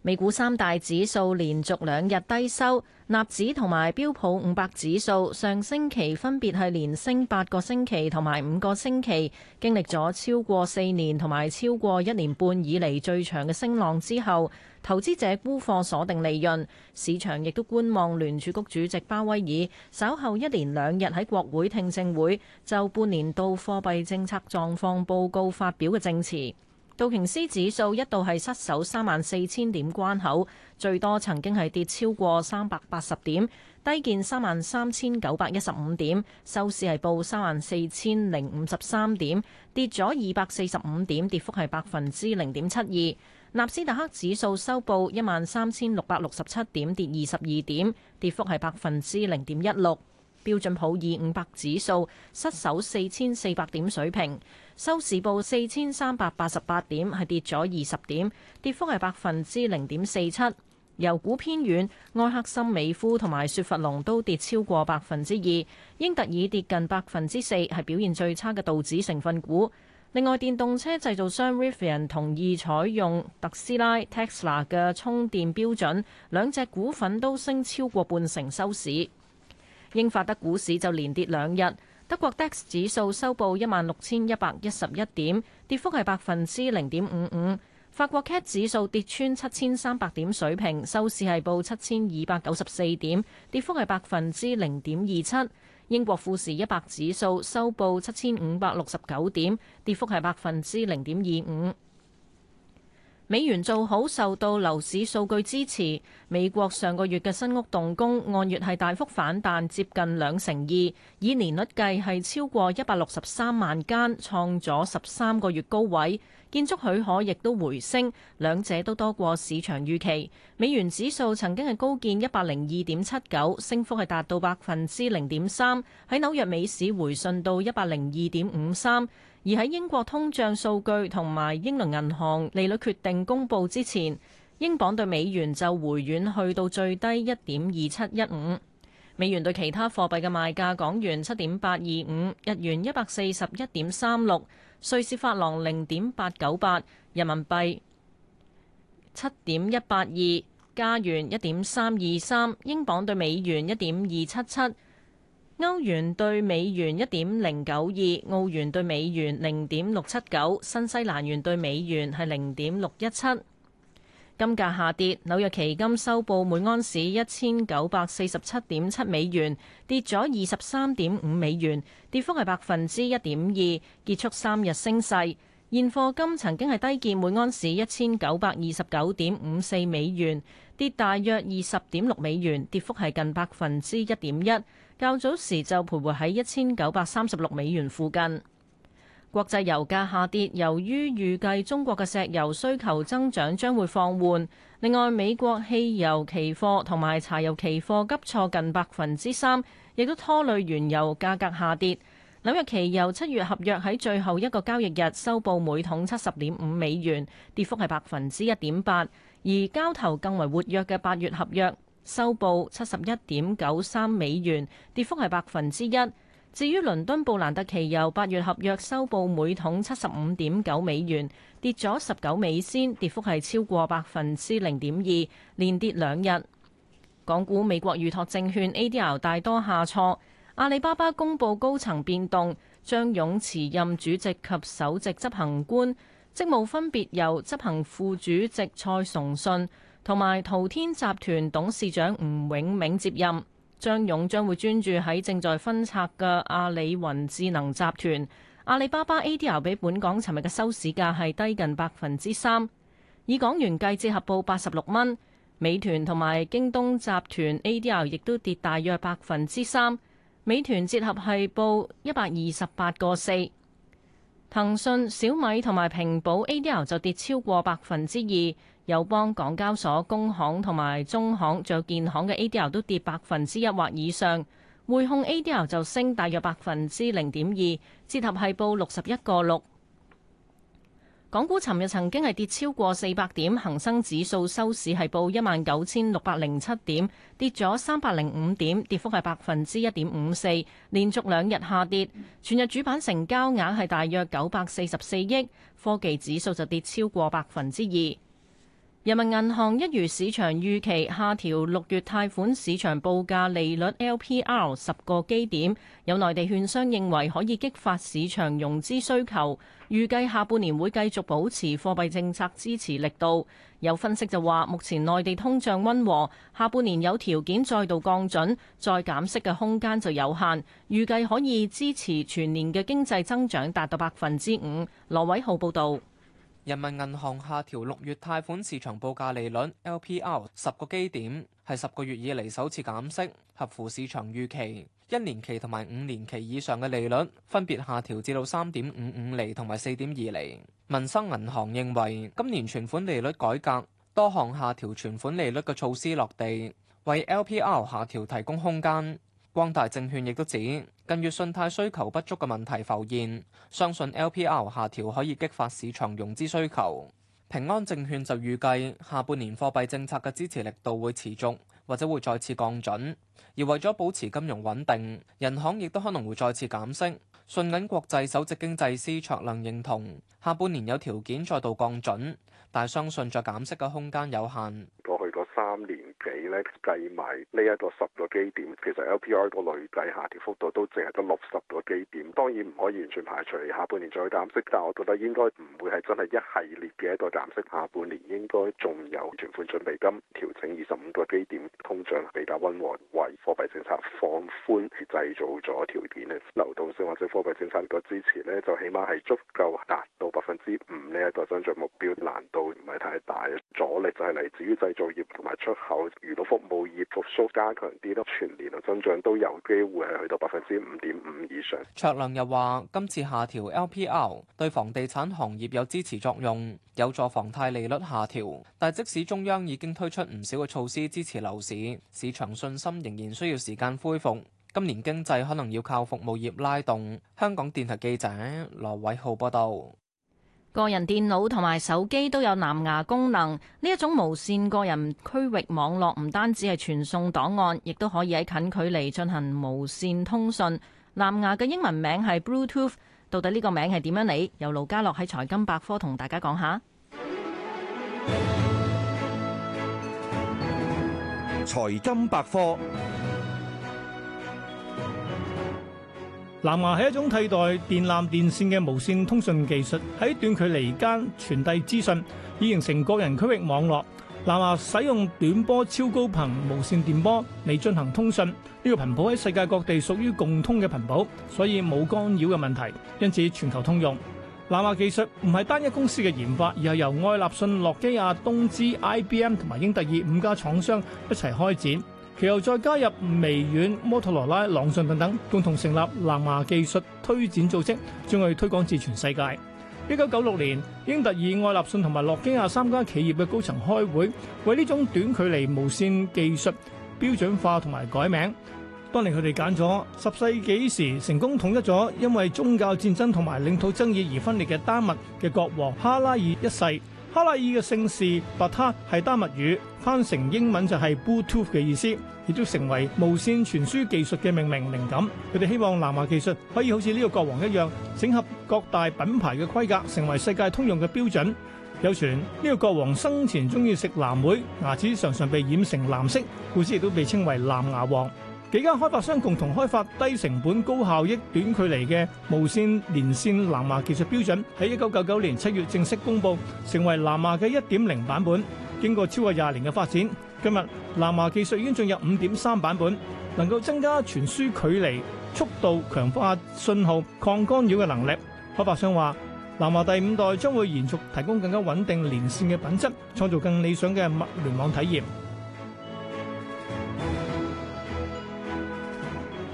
美股三大指數連續兩日低收，納指同埋標普五百指數上星期分別係連升八個星期同埋五個星期，經歷咗超過四年同埋超過一年半以嚟最長嘅升浪之後，投資者沽貨鎖定利潤，市場亦都觀望聯儲局主席鮑威爾稍後一連兩日喺國會聽證會就半年度貨幣政策狀況報告發表嘅證詞。道瓊斯指數一度係失守三萬四千點關口，最多曾經係跌超過三百八十點，低見三萬三千九百一十五點，收市係報三萬四千零五十三點，跌咗二百四十五點，跌幅係百分之零點七二。納斯達克指數收報一萬三千六百六十七點，跌二十二點，跌幅係百分之零點一六。標準普爾五百指數失守四千四百點水平。收市報四千三百八十八點，係跌咗二十點，跌幅係百分之零點四七。油股偏軟，愛克森美孚同埋雪佛龍都跌超過百分之二，英特爾跌近百分之四，係表現最差嘅道指成分股。另外，電動車製造商 Rivian 同意採用特斯拉 Tesla 嘅充電標準，兩隻股份都升超過半成收市。英法德股市就連跌兩日。德國 DAX 指數收報一萬六千一百一十一點，跌幅係百分之零點五五。法國 CAC 指數跌穿七千三百點水平，收市係報七千二百九十四點，跌幅係百分之零點二七。英國富時一百指數收報七千五百六十九點，跌幅係百分之零點二五。美元做好受到樓市數據支持。美國上個月嘅新屋動工按月係大幅反彈接近兩成二，以年率計係超過一百六十三萬間創咗十三個月高位。建築許可亦都回升，兩者都多過市場預期。美元指數曾經係高見一百零二點七九，升幅係達到百分之零點三，喺紐約美市回順到一百零二點五三。而喺英國通脹數據同埋英倫銀行利率決定公佈之前，英鎊對美元就回軟，去到最低一點二七一五。美元對其他貨幣嘅賣價：港元七點八二五，日元一百四十一點三六，瑞士法郎零點八九八，人民幣七點一八二，加元一點三二三，英鎊對美元一點二七七。歐元兌美元一點零九二，澳元兌美元零點六七九，新西蘭元兌美元係零點六一七。金價下跌，紐約期金收報每安士一千九百四十七點七美元，跌咗二十三點五美元，跌幅係百分之一點二，結束三日升勢。現貨金曾經係低見每安士一千九百二十九點五四美元，跌大約二十點六美元，跌幅係近百分之一點一。較早時就徘徊喺一千九百三十六美元附近。國際油價下跌，由於預計中國嘅石油需求增長將會放緩，另外，美國汽油期貨同埋柴油期貨急挫近百分之三，亦都拖累原油價格下跌。紐約期油七月合約喺最後一個交易日收報每桶七十點五美元，跌幅係百分之一點八，而交投更為活躍嘅八月合約，收報七十一點九三美元，跌幅係百分之一。至於倫敦布蘭特期油八月合約收報每桶七十五點九美元，跌咗十九美仙，跌幅係超過百分之零點二，連跌兩日。港股美國預託證券 ADR 大多下挫。阿里巴巴公布高層變動，張勇辭任主席及首席執行官。職務分別由執行副主席蔡崇信同埋淘天集團董事長吳泳銘接任。張勇將會專注喺正在分拆嘅阿里雲智能集團。阿里巴巴 ADR 比本港尋日嘅收市價係低近百分之三，以港元計，折合報八十六蚊。美團同埋京東集團 ADR 亦都跌大約百分之三，美團折合係報一百二十八個四。騰訊、小米同埋平保 A D L 就跌超過百分之二，友邦、港交所、工行同埋中行，仲有建行嘅 A D L 都跌百分之一或以上，匯控 A D L 就升大約百分之零點二，折合係報六十一個六。港股尋日曾經係跌超過四百點，恒生指數收市係報一萬九千六百零七點，跌咗三百零五點，跌幅係百分之一點五四，連續兩日下跌。全日主板成交額係大約九百四十四億，科技指數就跌超過百分之二。人民銀行一如市場預期，下調六月貸款市場報價利率 LPR 十個基點，有內地券商認為可以激發市場融資需求，預計下半年會繼續保持貨幣政策支持力度。有分析就話目前內地通脹溫和，下半年有條件再度降準再減息嘅空間就有限，預計可以支持全年嘅經濟增長達到百分之五。羅偉浩報道。人民銀行下調六月貸款市場報價利率 （LPR） 十個基點，係十個月以嚟首次減息，合乎市場預期。一年期同埋五年期以上嘅利率分別下調至到三點五五厘同埋四點二厘。民生銀行認為，今年存款利率改革多項下調存款利率嘅措施落地，為 LPR 下調提供空間。光大證券亦都指，近月信貸需求不足嘅問題浮現，相信 LPR 下調可以激發市場融資需求。平安證券就預計，下半年貨幣政策嘅支持力度會持續，或者會再次降準。而為咗保持金融穩定，人行亦都可能會再次減息。信銀國際首席經濟師卓亮認同，下半年有條件再度降準，但相信再減息嘅空間有限。三年幾咧計埋呢一個十個基點，其實 LPR 個累計下跌幅度都淨係得六十個基點。當然唔可以完全排除下半年再減息，但我覺得應該唔會係真係一系列嘅一個減息。下半年應該仲有存款準備金調整二十五個基點，通脹比較溫和，為貨幣政策放寬製造咗條件咧。流動性或者貨幣政策嘅支持呢，就起碼係足夠達到百分之五呢一個增長目標，難度唔係太大。阻力就係嚟自於製造業同。出口、遇到服務業復甦加強啲咯，全年啊增長都有機會係去到百分之五點五以上。卓亮又話，今次下調 LPR 對房地產行業有支持作用，有助房貸利率下調，但即使中央已經推出唔少嘅措施支持樓市，市場信心仍然需要時間恢復，今年經濟可能要靠服務業拉動，香港電台記者羅偉浩報道。個人電腦同埋手機都有藍牙功能，呢一種無線個人區域網絡唔單止係傳送檔案，亦都可以喺近距離進行無線通訊。藍牙嘅英文名係 Bluetooth，到底呢個名係點樣嚟？由盧家樂喺財金百科同大家講下。財金百科。藍牙係一種替代電纜電線嘅無線通訊技術，喺短距離間傳遞資訊，以形成個人區域網絡。藍牙使用短波超高頻無線電波嚟進行通訊，呢、這個頻譜喺世界各地屬於共通嘅頻譜，所以冇干擾嘅問題，因此全球通用。藍牙技術唔係單一公司嘅研發，而係由愛立信、諾基亞、東芝、IBM 同埋英特爾五家廠商一齊開展。其後再加入微軟、摩托羅拉、朗訊等等，共同成立藍芽技術推展組織，將佢推廣至全世界。一九九六年，英特爾、愛立信同埋諾基亞三家企業嘅高層開會，為呢種短距離無線技術標準化同埋改名。當年佢哋揀咗十世紀時成功統一咗因為宗教戰爭同埋領土爭議而分裂嘅丹麥嘅國王哈拉爾一世。哈拉爾嘅姓氏白塔係丹麥語，翻成英文就係 Bluetooth 嘅意思，亦都成為無線傳輸技術嘅命名靈感。佢哋希望藍牙技術可以好似呢個國王一樣，整合各大品牌嘅規格，成為世界通用嘅標準。有傳呢個國王生前中意食藍莓，牙齒常常被染成藍色，故此亦都被稱為藍牙王。幾間開發商共同開發低成本高效益短距離嘅無線連線藍牙技術標準，喺一九九九年七月正式公布，成為藍牙嘅一點零版本。經過超過廿年嘅發展，今日藍牙技術已經進入五點三版本，能夠增加傳輸距離、速度、強化信號、抗干擾嘅能力。開發商話，藍牙第五代將會延續提供更加穩定連線嘅品質，創造更理想嘅物聯網體驗。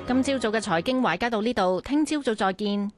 今朝早嘅財經華爾街到呢度，聽朝早再見。